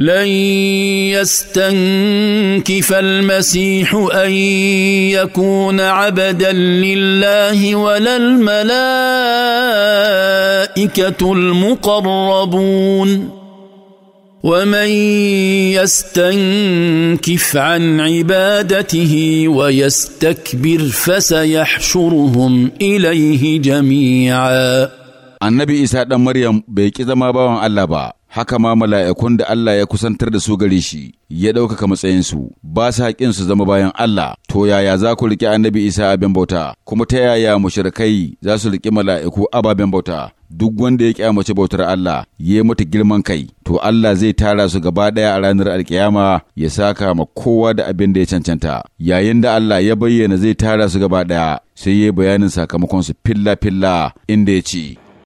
لن يستنكف المسيح ان يكون عبدا لله ولا الملائكه المقربون ومن يستنكف عن عبادته ويستكبر فسيحشرهم اليه جميعا النبي عيسى مريم بيكي زما باوان الله haka ma mala'ikun da Allah ya kusantar da su gare shi, ya ɗaukaka matsayinsu, ba sa haƙin su zama bayan Allah, to yaya za ku riƙe annabi Isa abin bauta, kuma ta yaya mushrikai za su riƙe mala'iku ababen bauta, duk wanda ya kyamace bautar Allah ya yi mata girman kai to Allah zai tara su gaba ɗaya a ranar alkiyama ya saka ma kowa da abin da ya cancanta yayin da Allah ya bayyana zai tara su gaba ɗaya sai ya yi bayanin sakamakon su filla filla inda ya ce